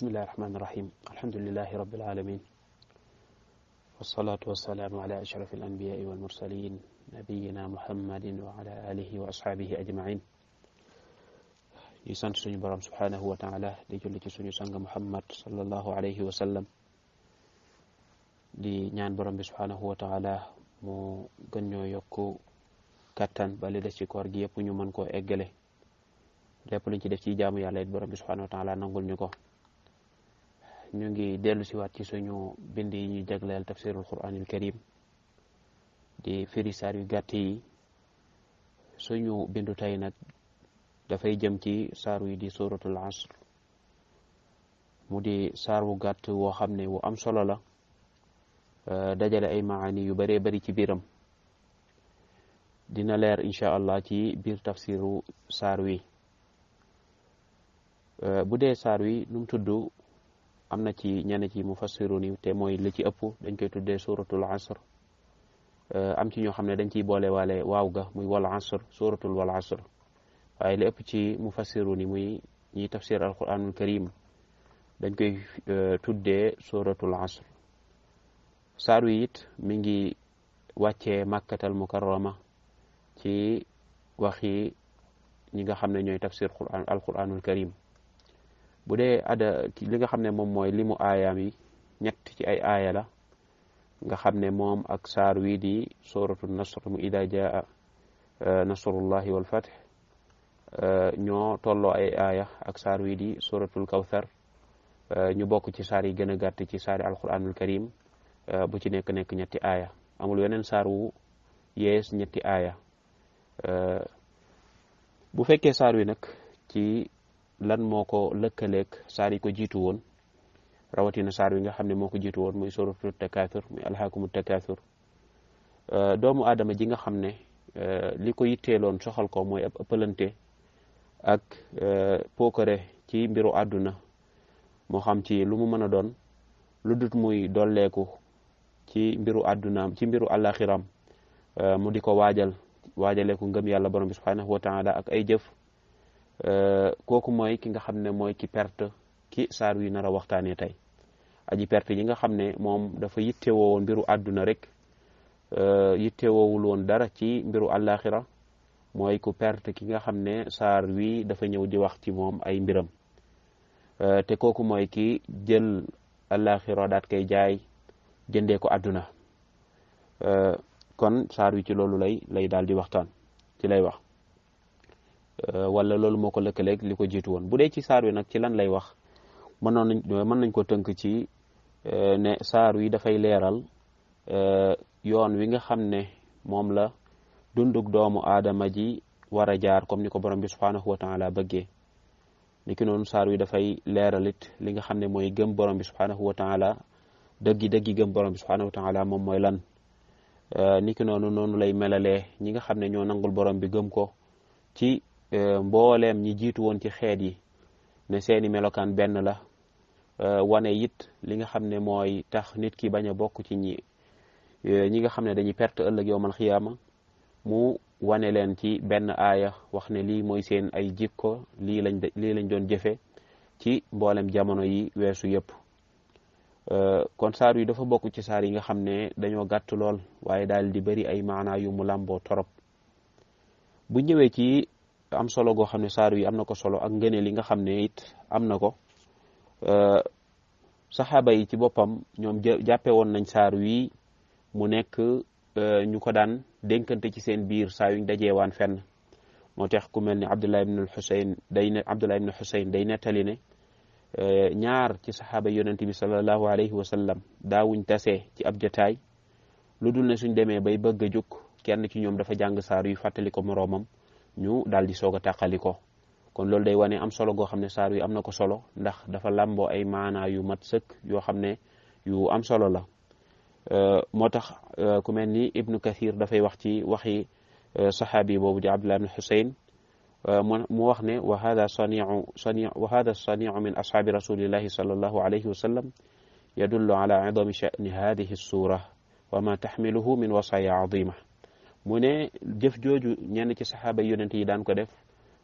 bismillahi rahmaani rahim alhamdulilahi rabbil alamin wasalaatu wasalaamu ala ashraf al anbiyai wal nabiyina muhammadin wa ala alihi wa suñu borom subhaanahu wa taala di julli ci suñu sang muhammad sallallahu alayhi wa ñaan borom bi subhaanahu wa mu gën yokku kattan ba li des ci gi yëpp ñu mën koo eggale lépp luñ ci def ci jaamu yàlla it bi subhaanahu wa taala nangul ñu ko ñu ngi dellu siwaat ci suñu bind yi ñuy jagleel tafsirul quranil karim di firi saar yu gàtt yi suñu bindu tey nag dafay jëm ci saar wi di suratul asr mu di saar wu gàtt woo xam ne wu am solo la euh, dajale ay maani yu baree bari ci biiram dina leer incha allah ci biir tafsiru saar wi euh, bu dee saar wi num tudd am na ci ñenn ci mufassirun yi te mooy li ci ëpp dañ koy tuddee suratul asr euh, am ci ñoo xam ne dañ ciy boole waale waaw ga muy wal asr suratul wal asr waaye li ëpp ci mufassirun yi muy ñiy tafsir alquranul karim dañ koy euh, tuddee suratul asr saar wi it mi ngi wàccee màkkatal mukarrama ci waxi ñi nga xam ne ñooy tafsir alquranul karim bu dee ada li nga xam ne moom mooy limu aayaam yi ñett ci ay aaya la nga xam ne moom ak saar wii di suratu nasr mu ida jaa euh, nasrullahi wal fath euh, ñoo tolloo ay aaya ak saar wii di suratul kawthar euh, ñu bokk ci saar yi gën a gàtt ci saari alquranul karim bu ci nekk nekk ñetti aaya amul weneen saar wu yees ñetti aaya bu fekkee saar wi nag lan moo ko lëkkaleeg saar yi ko jiitu woon rawatina saar wi nga xam ne moo ko jiitu woon muy suratu takaathur muy alhaakumu takaathur euh, doomu aadama ji nga xam ne euh, li ko yitteeloon soxal ko mooy ab ëppalante ak euh, pookare ci mbiru àdduna moo xam ci lu mu mën a doon lu dut muy dolleeku ci mbiru àddunaam ci mbiru àllaaxiram mu di ko waajal waajaleeku ngëm yàlla borom bi subhanahu temps taala ak ay jëf Euh, kooku mooy ki nga xam ne mooy ki perte ki saar wi nar a waxtaanee tey aji perte yi nga xam ne moom dafa yittewoo mbiru àdduna rek euh, yittewoowul woon dara ci mbiru àllaaxira mooy ku perte ki nga xam ne saar wi dafa ñëw di wax ci moom ay mbiram euh, te kooku mooy ki jël àllaaxira daat kay jaay jëndee ko àdduna kon saar wi ci loolu lay lay daal di waxtaan ci lay wax Euh, wala loolu moo ko lëkkaleeg li ko jiitu woon bu dee ci saar wi nag ci lan lay wax mënoon nañ mën nañ ko tënk ci euh, ne saar wi dafay leeral euh, yoon wi nga xam ne moom la dundug doomu aadama ji war a jaar comme ni ko borom bi subhaanahu wa taala bëggee ni ki noonu saar wi dafay leeralit li nga xam ne mooy gëm borom bi subhaanahu wa taala dëggi dëggi gëm borom bi subhaanahu wa taala moom mooy lan ni ki noonu noonu lay melalee ñi nga xam ne ñoo nangul borom bi gëm ko ci Euh, mbooleem ñi jiitu woon ci xeet yi ne seeni melokaan benn la euh, wane it li nga xam ne mooy tax nit ki bañ a bokk ci ñi euh, ñi nga xam ne dañuy perte ëllëg yowmal xiyaama mu wane leen ci benn aaya wax ne lii mooy seen ay jikko lii lañ lañ doon jëfe ci mboolem jamono yi weesu yëpp kon saar yi dafa bokk ci saar yi nga xam ne dañoo gàtt lool waaye daal di bari ay maanaa yu mu làmboo trop bu ñëwee ci am solo goo xam ne saar wi am na ko solo ak ngëneel yi nga xam ne it am na ko euh, saxaaba yi ci boppam ñoom jàppe woon nañ saar wi mu nekk euh, ñu ko daan denkante ci seen biir saa yuñ dajeewaan fenn moo tax ku mel ni Abdullah ibn Husayn day ne Abdullah ibn Husayn day nettali ne euh, ñaar ci saxaaba yonente bi sallallahu alayhi wa sallam daawuñ tase ci ab jotaay lu dul ne suñ demee bay bëgg a kenn ci ñoom dafa jàng saar yu fàttali ko moroomam ñu daal di soog a tàqali ko kon loolu day wane am solo goo xam ne saar wi am na ko solo ndax dafa làmboo ay maanaa yu mat sëkk yoo xam ne yu am solo la euh, moo tax euh, ku mel ni ibnu kathir dafay wax ci waxi euh, saxaabi boobu di abdullah ibn xusayn mu wax ne wa hada saniu saniu wa hada saniu min ashaabi rasulillahi sallallahu alayhi wa sallam ala idami sha'ni wa ma taxmiluhu min wasaya azima mu ne jëf jooju ñenn ci saxaaba yonent yi daan ko def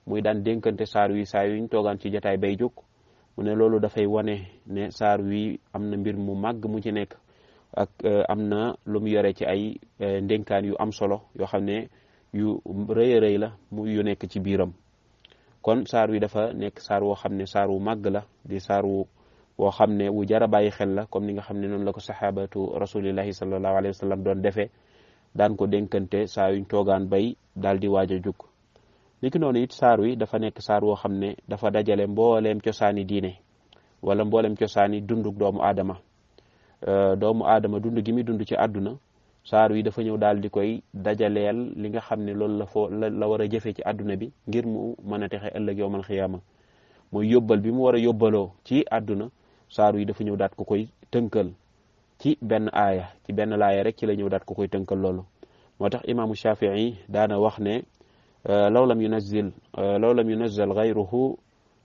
muy daan dénkante saar wi saa yuñ toogaan ci jataay bay jóg mu ne loolu dafay wane ne saar wi am na mbir mu màgg mu ci nekk ak eh, am na lu mu yore ci ay eh, ndénkaan yu am solo yoo xam ne yu rëy a rëy la mu yu nekk ci biiram kon saar wi dafa nekk saar woo xam ne saar wu màgg la di saar wu woo xam ne wu jar a bàyyi xel la comme ni nga xam ne noonu la ko saxaabatu rasulillahi sallallahu alayhi wa sallam doon defee daan ko dénkante saa yuñ toogaan bay daal di waaj a jug niki noonu it saar wi dafa nekk saar woo xam ne dafa dajale mbooleem cosaani diine wala mbooleem cosaani dunduk doomu aadama euh, doomu aadama dund gi muy dund ci àdduna saar wi dafa ñëw daal di koy dajaleel li nga xam ne loolu la foo la war a jëfee ci àdduna bi ngir mu mën a texe ëllëg yowmal xiyaama mooy yóbbal bi mu war a yóbbaloo ci àdduna saar wi dafa ñëw daat ko koy tënkal ci benn aaya ci benn laaya rek ci la ñëw daat ko koy tënkal loolu moo tax imaamu shafii daana wax ne euh, law lam yunazil euh, law lam yunazal gayruhu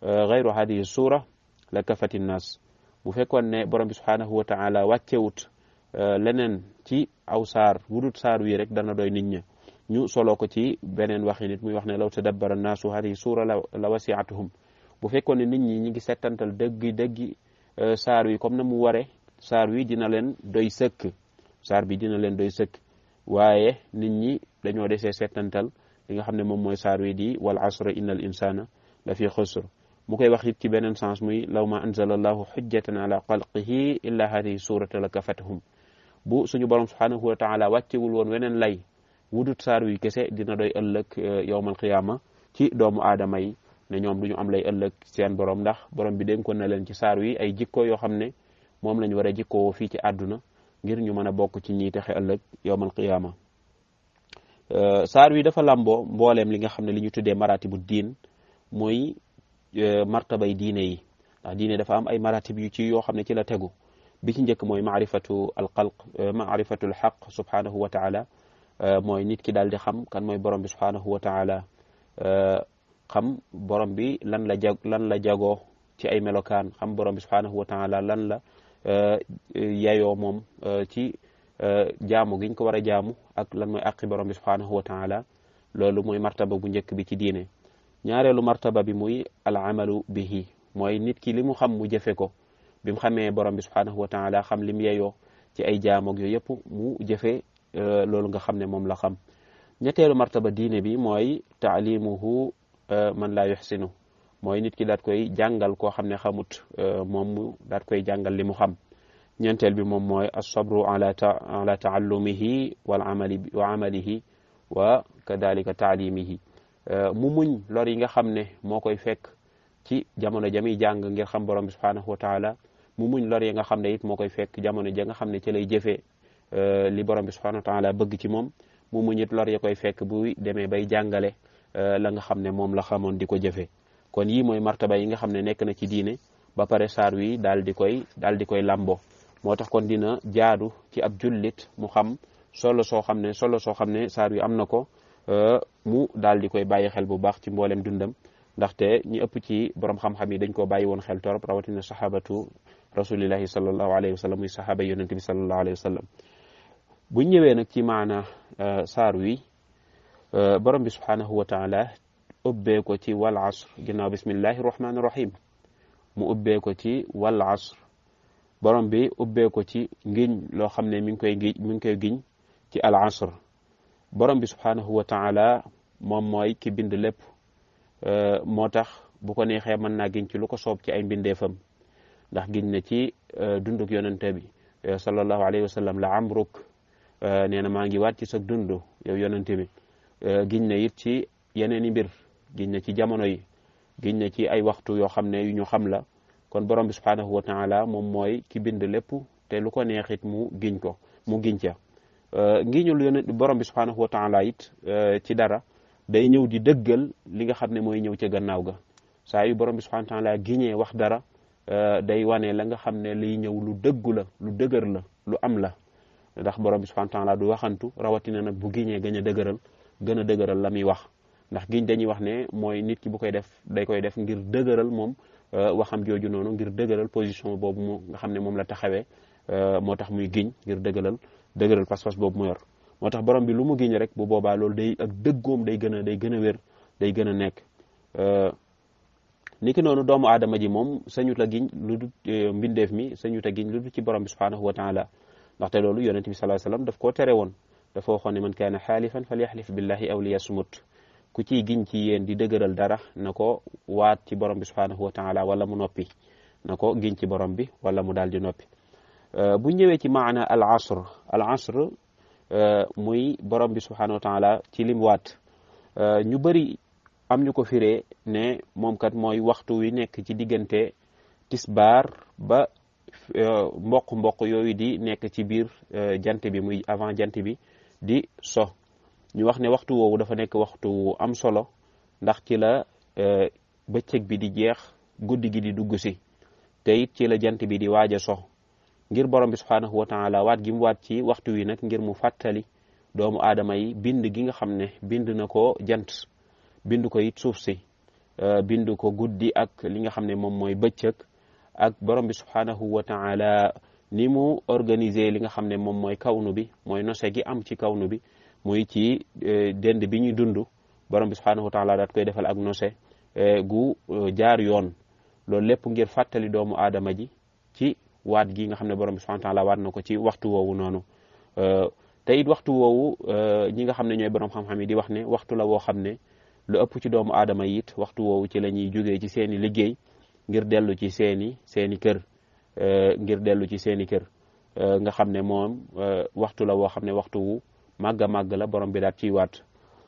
euh, gayru hadihi suura la kafati nnaas bu fekkoon ne borom bi subhaanahu wa taala wàccewut leneen ci aw saar wudut saar wii rek dana doy nit ña ñu solo ko ci beneen waxi nit muy wax ne law tadabbara naasu hadihi suura la la wasiatuhum bu fekkoon ne nit ñi ñi ngi settantal dëggi dëggi saar wi comme na mu ware saar wi dina leen doy sëkk saar bi dina leen doy sëkk waaye nit ñi dañoo desee seetantal li nga xam ne moom mooy saar wi di wal asra innal insana la fi xusr mu koy wax it ci beneen sens muy law ma anzala allahu xujjatan ala xalqihi illa hadihi surata la kafathum bu suñu borom subhanahu wa taala wàccewul woon weneen lay wudut saar wi kese dina doy ëllëg eh, yowmal qiyaama ci doomu aadama yi ne ñoom du am lay ëllëg seen borom ndax borom bi den dénkoon na leen ci saar wi ay jikko yoo xam ne moom lañ war a jikkoo fii ci àdduna ngir ñu mën a bokk ci ñiy texe ëllëg yowmal qiyaama euh, saar wi dafa lambo mbooleem li nga xam ne li ñu tuddee maratibu diin mooy euh, martabay diine yi ndax diine dafa am ay maratib yu ci yoo xam ne ci la tegu bi ci njëkk mooy maarifatu al xalq euh, maarifatu al xaq subhanahu wa taala mooy nit ki daal di xam kan mooy borom bi subhanahu wa taala xam borom bi lan la jag lan la jagoo ci ay melokaan xam borom bi subhanahu wa taala lan la Euh, euh, yayo moom euh, ci jaamu giñ ko war a jaamu ak lan mooy àqi borom bi subhanahu wa taala loolu moy martaba bu njëkk bi ci diine ñaareelu martaba bi moy al amalu bihi mooy nit ki li mu xam mu jëfe ko bi mu xamee borom bi subhanahu wa taala xam li mu ci ay jaamo yooyu yëpp mu jëfe loolu nga xam ne moom la xam ñetteelu martaba diine bi mooy taalimuhu man laa yuxsinu mooy nit ki daat koy jàngal koo xam ne xamut euh, moom mu daat koy jàngal li mu xam ñeenteel bi moom mooy as-sabru ala la taallumihi wal amali wa amalihi wa kadalika taalimihi euh, mu muñ lor yi nga xam ne moo koy fekk ci jamono jamiy jàng ngir xam borom bi subhanahu wa mu muñ yi nga xam ne it moo koy fekk jamono ja nga xam ne ci lay jëfee euh, li borom bi subhanahu wa taala bëgg ci moom mu muñ it lor ya koy fekk bu demee bay jàngale la nga xam ne moom la xamoon di ko jëfee kon yii mooy martaba yi nga xam ne nekk na ci diine ba pare saar wi daal di koy daal di koy làmbo moo tax kon dina jaadu ci ab jullit mu xam solo soo xam ne solo soo xam ne saar wi am na ko euh, mu daal di koy bàyyi xel bu baax ci mboolem dundam ndaxte ñi ëpp ci borom xam-xam yi dañ koo bàyyi woon xel torop rawatina sahabatu rasulillahi sallallahu alayhi wa sallam muy sahaba yonente bi sallallahu alayhi wa sallam bu ñëwee nag ci maana euh, saar wi euh, borom bi subhanahu wa taala ubbee ko ci wal asr ginnaaw bismillahi rahmaani rahim mu ubbee ko ci wal borom bi ubbee ci ngiñ loo xam ne mi ngi koy gi mi ngi koy giñ ci al asr borom bi subhaanahu wa taala moom mooy ki bind lépp moo tax bu ko neexee mën naa giñ ci lu ko soob ci ay mbindeefam ndax giñ na ci dunduk yonente bi sallallahu alayhi wa sallam la amruk nee na maa ngi waat ci sa dund yow yonente bi giñ na it ci yeneeni mbir giñ na ci jamono yi giñ na ci ay waxtu yoo xam ne yu ñu xam la kon borom bi subhanahu wa taala moom mooy ki bind lépp te lu ko neexit mu giñ ko mu giñ ca euh, ngiñul yonent borom bi subhanahu wa taala it euh, ci dara day ñëw di dëggal li nga xam ne mooy ñëw ca gannaaw ga saa yu borom bi subhanahu wa taala giñee wax dara euh, day wane la nga xam ne liy ñëw lu dëggu la lu dëgër la lu am la ndax borom bi subhanahu wa taala du waxantu rawatina nag bu giñee gën a dëgëral gën a dëgëral la muy wax ndax giñ dañuy wax ne mooy nit ki bu koy def day koy def ngir dëgëral moom euh, waxam jooju noonu ngir dëgëral position boobu mu nga xam ne moom la taxawee euh, moo tax muy giñ ngir dëgëral dëgëral pas-pas boobu mu yor moo tax borom bi lu mu giñ rek bu boobaa loolu day ak dëggoom day gën a day gën a wér day gën a nekk euh, niki noonu doomu aadama ji moom sañut a giñ lu du mbindeef mi sañut a giñ lu du ci borom bi subhanahu wa taala loolu yonente bi sallallahu alayhi wasallam daf koo tere woon dafa waxoon ne man kaana xaalifan falyaxlif billahi aw liyasmut ku ci giñ ci yéen di dëgëral dara na ko waat ci borom bi subhanahu wa taala wala mu noppi na ko giñ ci borom bi wala mu daal di noppi euh, bu ñëwee ci maana al asr al asr euh, muy borom bi subhanahu wa taala ci lim waat euh, ñu bëri am ñu ko fire ne moom kat mooy waxtu wi nekk ci diggante tisbaar ba mboq mboq yooyu di nekk ci biir jant bi muy avant jant bi di so ñu wax ne waxtu woowu dafa nekk waxtu am solo ndax ci la euh, bëccëg bi di jeex guddi gi di dugg si te it ci la jant bi di waaja sox ngir borom bi subhaanahu wa taala waat gi waat ci waxtu wi nag ngir mu fàttali doomu aadama yi bind gi nga xam ne bind na ko jant bind ko suuf si euh, bind ko guddi ak li nga xam ne moom mooy bëccëg ak borom bi subhaanahu wa taala ni mu organiser li nga xam ne moom mooy kawnu bi mooy nose gi am ci kawnu bi muy ci eh, dend bi ñuy dund borom bi subhaanahu wa taala daat koy defal ak nose eh, gu eh, jaar yoon loolu lépp ngir fàttali doomu aadama ji ci waat gi nga xam ne borom bi subhaanahu wa taala waat na ko ci waxtu woowu noonu te it waxtu woowu ñi nga xam ne ñooy borom xam-xam yi di wax ne waxtu la woo xam ne lu ëpp ci doomu aadama yit waxtu woowu ci la ñuy jógee ci seeni liggéey ngir dellu ci seeni seeni kër ngir dellu ci seeni kër nga xam ne moom waxtu la woo xam ne waxtu wu màgg a màgg la borom bi daal ciy waat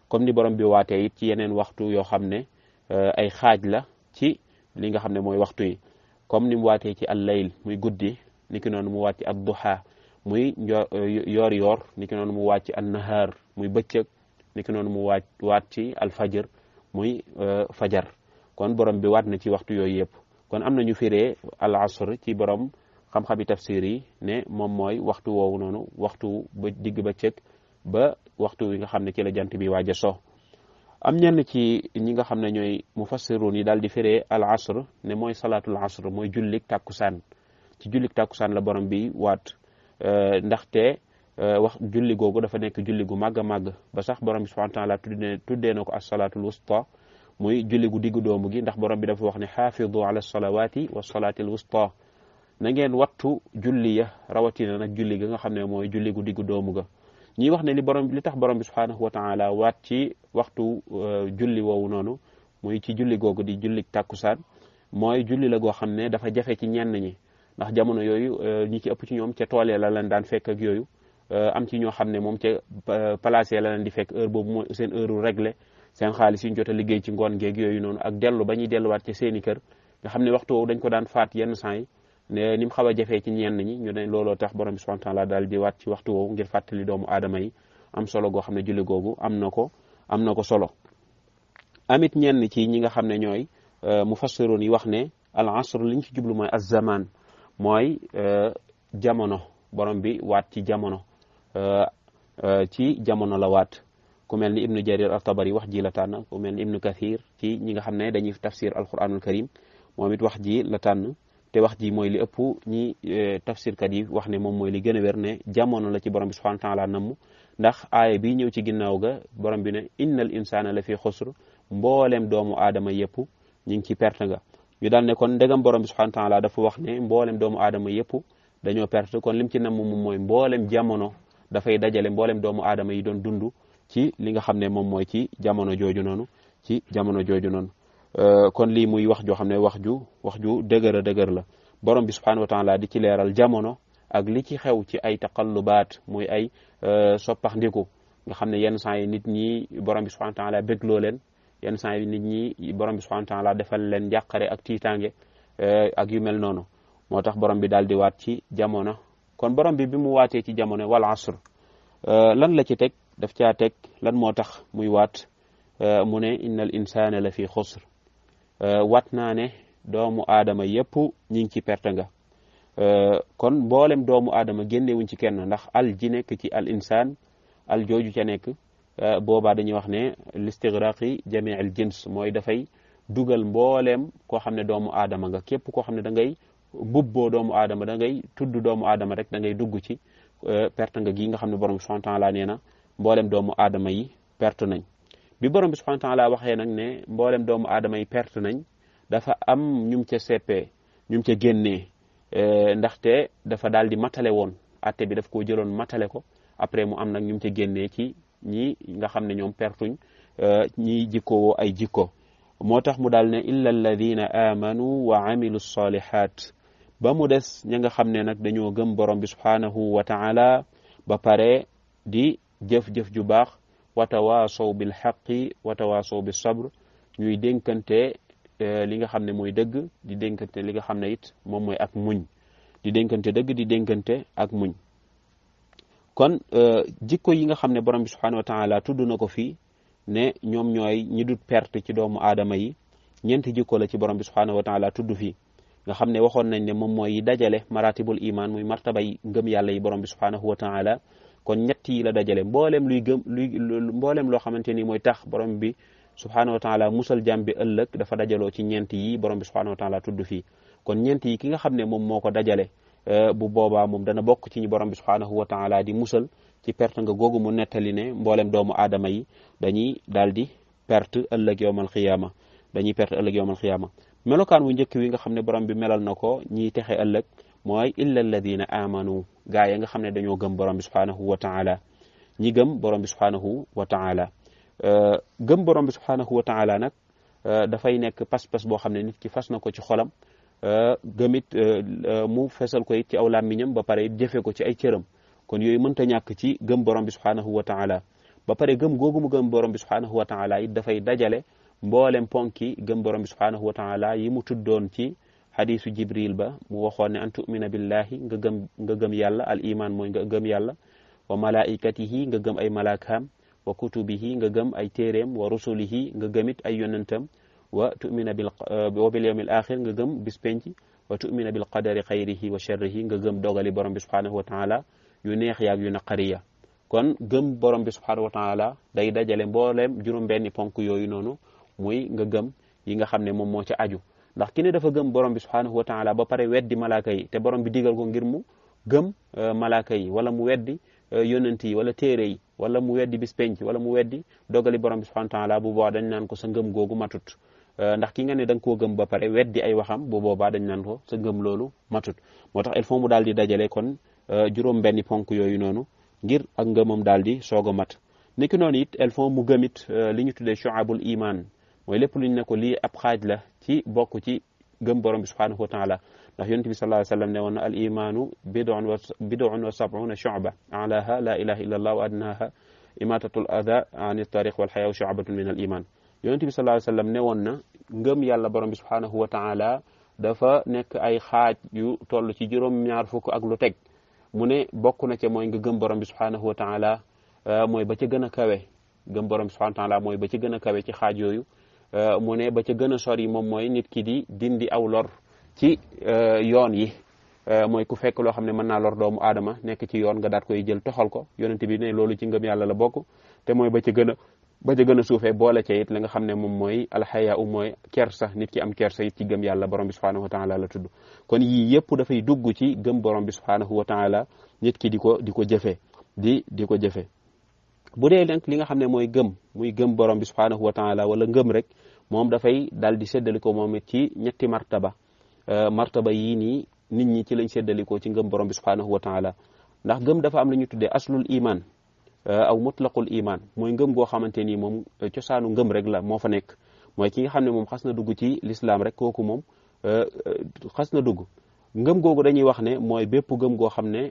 comme ni borom bi waatee it ci yeneen waxtu yoo xam ne euh, ay xaaj la ci li nga xam ne mooy waxtu yi comme ni mu waatee ci allayl muy guddi niki noonu mu waat ci ad duha muy yoor euh, yoor niki noonu mu waat ci annahaar muy bëccëg niki noonu mu waat waat ci alfajir muy euh, fajar kon borom bi waat na ci waxtu yooyu yëpp kon am nañu firee al asr ci borom xam-xami tafsir yi ne moom mooy waxtu woowu noonu waxtu ba digg bëccëg ba waxtu wi nga xam ne ci la jant bi waaj a so am ñenn ci ñi nga xam ne ñooy mufassirun yi daal di firee al asr ne mooy salaatu asr mooy jullik tàkkusaan ci jullik tàkkusaan la borom bi waat euh, ndaxte euh, wax julli googu dafa nekk julli gu màgg a màgg ba sax borom bi subhanahu wa tuddee tuddee na ko as salaatul wusta muy julli gu diggu doomu gi ndax borom bi dafa wax ne xaafidu ala salawaati wa salaatil wusta na ngeen wattu julli ya rawatina nag julli ga nga xam ne mooy julli gu diggu doomu ga ñuy wax ne li borom li tax borom bi subhaanahu wa taala waat ci waxtu euh, julli woowu noonu muy ci julli googu di julli tàkkusaan mooy julli la goo xam ne dafa jafe ci ñenn ñi ndax jamono yooyu euh, ñi ci ëpp ci ñoom ca tool ya la leen daan fekk ak yooyu euh, am ci ñoo xam ne moom ca place ya la leen di fekk heure boobu mooy seen heure réglé seen xaalis yi ñu jot a liggéey ci ngoon geeg yooyu noonu ak dellu ba ñuy delluwaat ca kër nga xam ne waxtu woowu dañ ko daan faat yenn saa yi ni mu xaw a jafee ci ñenn ñi ñu ne looloo tax borom bi subhanahu wa taala daal di waat ci waxtu woowu ngir fàttali doomu aadama yi am solo goo xam ne julli googu am na ko am na ko solo amit ñenn ci ñi nga xam ne ñooy mu euh, mufassiroon yi wax ne al asr liñ ci jublu mooy az-zaman mooy euh, jamono borom bi waat ci jamono euh, ci jamono la waat ku mel ni ibnu jarir at-tabari wax ji la tànn ku mel ni ibnu kathir ci ñi nga xam ne dañuy tafsir alquranul karim moom wax ji la tànn te wax ji mooy li ëpp ñi e, tafsirkat yi wax ne moom mooy li gën a wér ne jamono la ci borom bi subhanahu wa taala ndax aaya bi ñëw ci ginnaaw ga borom bi ne innal insana la fi xusr mbooleem doomu aadama yëpp ñu ngi ci perte nga ñu daal ne kon borom bi subhanahu wa taala dafa wax mbooleem doomu aadama yëpp dañoo perte kon lim ci namm moom mooy mbooleem jamono dafay dajale mbooleem doomu aadama yi doon dundu ci li nga xam ne moom mooy ci jamono jooju noonu ci jamono jooju noonu Euh, kon lii muy wax joo xam ne wax ju wax ju dëgër dëgër la borom bi subhanahu wa taala di ci leeral jamono ak li ci xew ci ay taqallubaat muy ay euh, soppax ndiku nga xam ne yenn saa yi nit ñi borom bi subhanahu wa taala leen yenn saa yi nit ñi borom bi subhanahu wa defal leen njàqare ak tiitaange euh, ak yu mel noonu moo tax borom bi daal di waat ci jamono kon borom bi bi mu waatee ci jamono wal asr lan la ci teg daf caa teg lan moo tax muy waat mu ne innal insaana la fi xusr Euh, wat naa ne doomu aadama yëpp ñi ngi ci perte nga euh, kon mboolem doomu aadama génnewuñ ci kenn ndax al ji nekk ci al insaan al jooju ca nekk euh, boobaa dañuy wax ne listigraqi jamii al jins mooy dafay dugal mbooleem koo xam ne doomu aadama nga képp koo xam ne da ngay mbubboo doomu aadama dangay tudd doomu aadama rek da ngay dugg ci perte nga gii nga xam ne borom subhanahu la taala nee na mboolem doomu aadama yi perte nañ bi borom bi subhanahu wa taala waxee nag ne mboolem doomu aadama yi perte nañ dafa am ñum ca seppee ñum ca génnee eh, ndaxte dafa daal di matale woon atte bi daf koo jëloon matale ko après mu am nag ñum ca génnee ci ñi nga xam ne ñoom pertuñ eh, ñi jikkowoo ay jikko moo tax mu daal ne illa alladina amanu wa amilu salihat ba mu des ña nga xam ne nag dañoo gëm borom bi subhanahu wa taala ba pare di jëf-jëf ju baax watawaasow bil xaqi sow bi sabr ñuy dénkante eh, li nga xam ne mooy dëgg di dénkante li nga xam ne it moom mooy ak muñ di dénkante dëgg di dénkante ak muñ kon eh, jikko yi nga xam ne borom bi subhanahu wa tudd na ko fii ne ñoom ñooy ñi dut perte ci doomu aadama yi ñeenti jikko la ci borom bi subhanahu wa taala tudd fii nga xam ne waxoon nañ ne moom mooy dajale maratibul iman muy martabay ngëm yàlla yi borom bi subhanahu wa taala kon ñett yi la dajale mbooleem luy gëm luy mbooleem loo xamante ni mooy tax borom bi subhanahu wa taala musal jàmm bi ëllëg dafa dajaloo ci ñeent yi borom bi subhanahu wa taala tudd fii kon ñeent yi ki nga xam ne moom moo ko dajale euh, bu boobaa moom dana bokk ci ñi borom bi subhanahu wa taala di musal ci perte nga googu mu nettali ne mbooleem doomu aadama yi dañuy daal di perte ëllëg yowmal xiyaama dañuy perte ëllëg yowmal xiyaama melokaan wu njëkk wi nga xam ne borom bi melal na ko ñiy texe ëllëg mooy illa alladina amanu gaa ya nga xam ne dañoo gëm borom bi subhanahu wa taala ñi gëm borom bi subhanahu wa taala euh, gëm borom bi subhanahu wa taala nag euh, dafay nekk pas-pas boo xam ne nit ki fas na ko ci xolam euh, gëmit mu fesal ko it ci aw làmmiñam ba pare it jëfe ko ci ay cëram kon yooyu mënta ñàkk ci gëm borom bi subhanahu wa taala ba pare gëm googu mu gëm borom bi subhanahu wa taala it dafay dajale mboolem ponki gëm borom bi subhanahu wa taala yi mu tuddoon ci xadiisu jibril ba mu waxoon ne an tumina billahi nga gëm nga gëm yàlla al iman mooy nga gëm yàlla wa malaikatihi nga gëm ay malaakaam wa kutubihi nga gëm ay téeréem wa rusulihi nga gëmit ay yonentam wa tumina bil uh, wa bil yawmil axir nga gëm bis penc wa tumina bil qadari xayrihi wa sharrihi nga gëm dogali borom bi subhanahu wa taala yu neex yaag yu naqariya kon gëm borom bi subhanahu wa taala day dajale mbooleem juróom-benni ponk yooyu noonu mooy nga gëm yi nga xam ne moom moo ca aju ndax ki ne dafa gëm borom bi subhanahu wa taala ba pare weddi malaka yi te borom bi digal ko ngir mu gëm euh, malaaka yi wala mu weddi euh, yonent yi wala téere yi wala mu weddi bis penc wala mu weddi dogali borom bi subhanahu wa taala bu boobaa dañ naan ko sa ngëm googu matut euh, ndax ki nga ne da nga koo gëm ba pare weddi ay waxam bu boobaa dañ naan ko sa gëm loolu matut moo tax il faut mu daal di dajale kon juróom benni ponk yooyu noonu ngir ak ngëmam daal di soog a mat niki noonu it il faut mu gëmit li ñu tuddee shu'abul iman mooy lépp lu ñu ne ko lii ab xaaj la ci bokk ci gëm borom bi subhanahu wa taala ndax yonent bi sallallahu alayhi wa sallam ne woon na al imaanu bid'un wa bid'un wa sab'una shu'ba alaha la ilaha illa allah wa adnaha imatatul ada ani tarix wal xayaw shu'batun min al iman yonent bi sallallahu alayhi wa sallam ne woon na ngëm yàlla borom bi subhanahu wa taala dafa nekk ay xaaj yu toll ci juróom-ñaar fukk ak lu teg mu ne bokk na ca mooy nga gëm borom bi subhanahu wa taala euh, mooy ba ca gën a kawe gëm borom bi subhanahu wa taala mooy ba ca gën a kawe ci xaaj yooyu Euh, mu ne ba ca gën a yi moom mooy nit ki di dindi aw lor ci euh, yoon yi euh, mooy ku fekk loo xam ne mën naa loor doomu aadama nekk ci yoon nga daat koy jël toxal ko yonente bi ne loolu ci ngëm yàlla la bokk te mooy ba ca gën a ba ca gën a suufee boole cee it la nga xam ne moom mooy alxayaa u mooy kersa nit ki am kersa it ci gëm yàlla borom bi subhanahu wa taala la tudd kon yii yëpp dafay dugg ci gëm borom bi subhanahu wa taala nit ki di ko di ko jëfee di di ko jëfee bu dee lenk li nga xam ne mooy gëm muy gëm borom bi subhanahu wa taala wala ngëm rek moom dafay daal di séddalikoo moom ci ñetti martaba euh, martaba yii nii nit ñi ci lañ séddalikoo ci ngëm borom bi subhanahu wa taala ndax gëm dafa am lu tuddee aslul iman euh, aw mutlaqul imaan mooy ngëm goo xamante ni moom euh, cosaanu ngëm rek la moo fa nekk mooy ki nga xam ne moom xas na dugg ci lislaam rek kooku moom xas na dugg ngëm googu dañuy wax ne mooy bépp gëm goo xam ne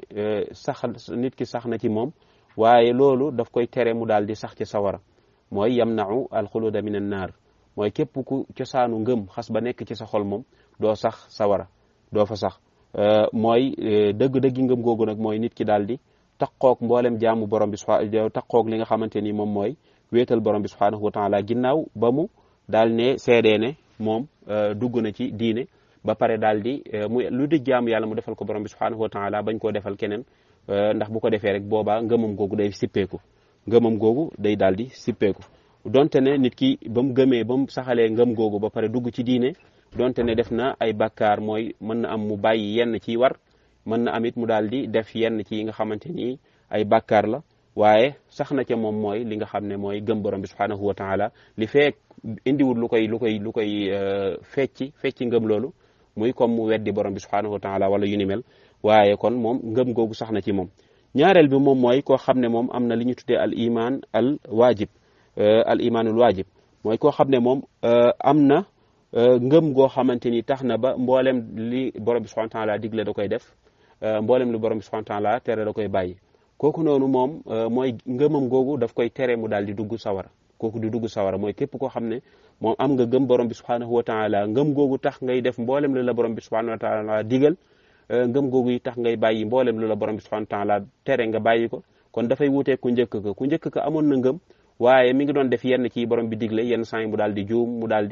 sax nit ki sax na ci moom waaye loolu daf koy tere mu daal di sax ci sawara mooy yamnau alxuluda min an naar mooy képp ku cosaanu ngëm xas ba nekk ci sa xol moom doo sax sawara doo fa sax euh, mooy euh, dëgg-dëggi ngëm googu nag mooy nit ki daal di taqoog mboolem jaamu borom bi subhaanahu taqoog li nga xamante ni moom mooy wéetal borom bi subhaanahu wa taala ginnaaw ba mu daal ne seedee ne moom euh, dugg na ci diine ba pare daal di mu lu di jaamu yàlla mu defal ko borom bi subhaanahu wa taala bañ koo defal keneen Euh, ndax bu ko defee rek boobaa ngëmam googu day sippeeku ngëmam googu day daal di sippeeku donte ne nit ki ba mu gëmee ba mu saxalee ngëm googu ba pare dugg ci diine donte ne def na ay bàkkaar mooy mën na am mu bàyyi yenn ci war mën na am it mu daal di def yenn ci yi nga xamante ni ay bàkkaar la waaye sax na ca moom mooy li nga xam ne mooy gëm borom bi subhanahu wa taala li feek indiwul lu koy lu koy lu koy euh, fecci fecci ngëm loolu muy comme mu weddi borom bi subhanahu wa taala wala yu ni waaye kon moom ngëm googu sax na ci moom ñaareel bi moom mooy koo xam ne moom am na li ñu tuddee al iman al waajib euh, al imanul waajib mooy koo xam ne moom euh, am na euh, ngëm goo xamante ni tax na ba mboolem li borom bi subhanahu wa taala da koy def mboolem li borom bi subhanahu tere da koy bàyyi kooku noonu moom mooy ngëmam googu daf koy tere mu daal di dugg sawara kooku di dugg sawara mooy képp koo xam ne moom am nga gëm borom bi subhanahu wa taala ngëm googu tax ngay def mboolem li la borom bi subhanahu wa taala digal Euh, ngëm googu yi tax ngay bàyyi mboolem lu la borom bi subhanahu wa taala tere nga bàyyi ko kon dafay wuutee ku njëkk ka ku njëkk ka amoon na ngëm waaye mi ngi doon def yenn ci borom bi digle yenn saa yi mu daal di mu daal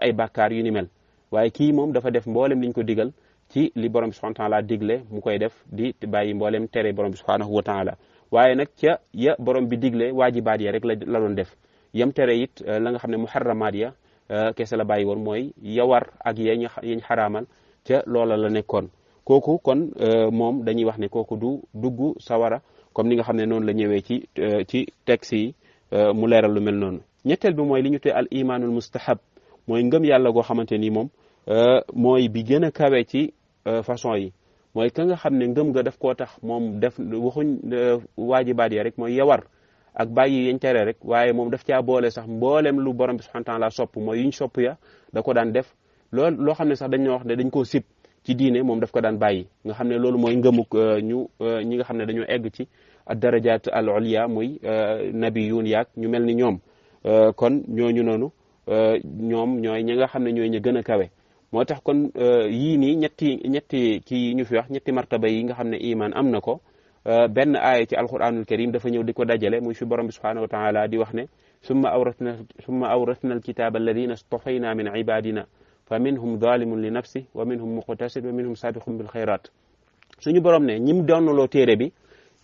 ay bàkkaar yu ni mel waaye kii moom dafa def mboolem liñ ko digal ci li borom bi subhanahu wa digle mu koy def di bàyyi mboolem tere borom bi subhanahu wa taala waaye nag ca ya borom bi digle waajibaat ya rek la la doon def yam tere it euh, la nga xam ne muharramaat ya euh, kese la bàyyi woon mooy yawar ak yeñ yeñ xaraamal ca loola la nekkoon kooku kon euh, moom dañuy wax ne kooku du dugg sawara comme ni nga xam ne noonu la ñëwee ci euh, ci texte yi euh, mu leeral lu mel noonu ñetteel bi mooy li ñu tuddee al imaanul mustahab mooy ngëm yàlla goo xamante ni moom mooy bi gën a kawe ci façon yi mooy ka nga xam ne ngëm nga daf koo tax moom def waxuñ waajibaat ya rek mooy yawar ak bàyyi yañ tere rek waaye moom daf caa boole sax mbooleem lu borom bi subhanahu la sopp mooy yuñ sopp ya da ko daan def loo xam ne sax dañ ci diine moom daf ko daan bàyyi nga xam ne loolu mooy ngëmuk euh, ñu euh, ñi nga xam ne dañoo egg ci a darajaat al ulya muy euh, nabiyun yaag ñu mel ni ñoom kon ñooñu noonu ñoom ñooy ñi nga xam ne ñooy ñu gën a kawe moo tax kon yii nii ñetti ñetti kii ñu fi wax ñetti martaba yi nga xam ne iman am na ko benn aaya ci alquranul karim dafa ñëw di ko dajale muy fi borom bi subhanahu wa taala di wax ne summa awratna summa awratna alkitaaba alladina stafayna min ibadina fa minhum zalimun li nafsi wa minhum muqtasid wa minhum sabiqun bil xayraat suñu borom ne ñi mu donnaloo téere bi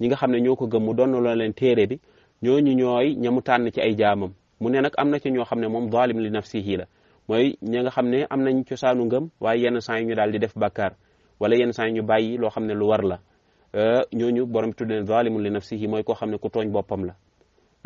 ñi nga xam ne ñoo ko gëm mu donnaloo leen téere bi ñooñu ñooy ñamu tànn ci ay jaamam mu ne nag am na ci ñoo xam ne moom zalim li nafsihi la mooy ñi nga xam ne am nañ cosaanu ngëm waaye yenn saa yi ñu daal di def bàkkaar wala yenn saa yi ñu bayi loo xam ne lu war la ño euh, ñooñu borom bi tudd leen zalimun li nafsihi mooy ko xam ne ku tooñ boppam la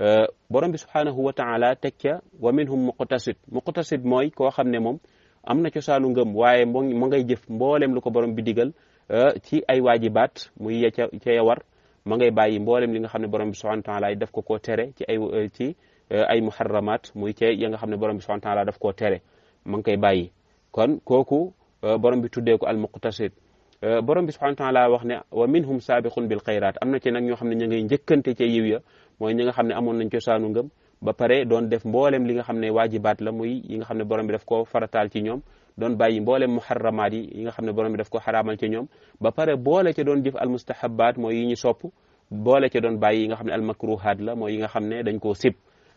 euh, borom bi subhanahu wa taala teg ca wa minhum muqtasid muqtasid mooy koo xam ne moom am na cosaanu ngëm waaye mo ma ngay jëf mbooleem lu ko borom bi digal euh, ci ay waajibaat muy ca ca war ma ngay bàyyi mbooleem li nga xam ne borom bi subhanahu wa taala daf ko koo tere ci ay euh, ci euh, ay muharramat muy ca ya nga xam ne borom bi subhanahu wa taala koo tere ma ngi koy bàyyi kon kooku borom bi tuddee ko al muqtasid borom bi subhanahu wa wax ne wa minhum saabiqun bil xayraat am na ci nag ñoo xam ne ña ngay njëkkante ca yiw ya mooy ñi nga xam ne amoon nañ cosaanu ngëm ba pare doon def mboolem li nga xam ne waajibaat la muy yi nga xam ne borom bi daf koo farataal ci ñoom doon bàyyi mboolem muharramaat yi yi nga xam ne borom bi daf ko xaraamal ci ñoom ba pare boole ca doon jëf almustahabaat mooy yi ñu sopp boole ca doon bàyyi yi nga xam ne almakruhaat la mooy yi nga xam ne dañ koo sib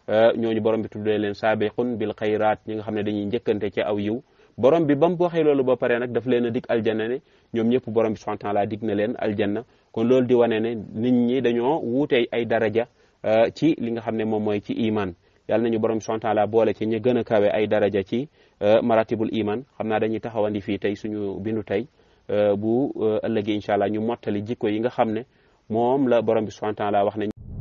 euh, ñooñu borom bi tuddee leen saabiqun bil xayraat ñi nga xam ne dañuy njëkkante ci aw yiw borom bi ba mu waxee loolu ba pare nag daf leen a dig aljanna ñoom ñëpp borom bi subhanahu wa taala dig na leen aljanna kon loolu di wane ne nit ñi dañoo wuute ay daraja Euh, ci li nga xam ne moom mooy ci iman yàlla ñu borom subhanahu wa taala boole ci ñu gën a kawe ay daraja ci euh, maratibul iman xam naa dañuy taxawandi fii tey suñu bindu tey euh, bu ëllëgee incha allah ñu mottali jikko yi nga xam ne moom la borom bi subhanahu wa taala wax nañ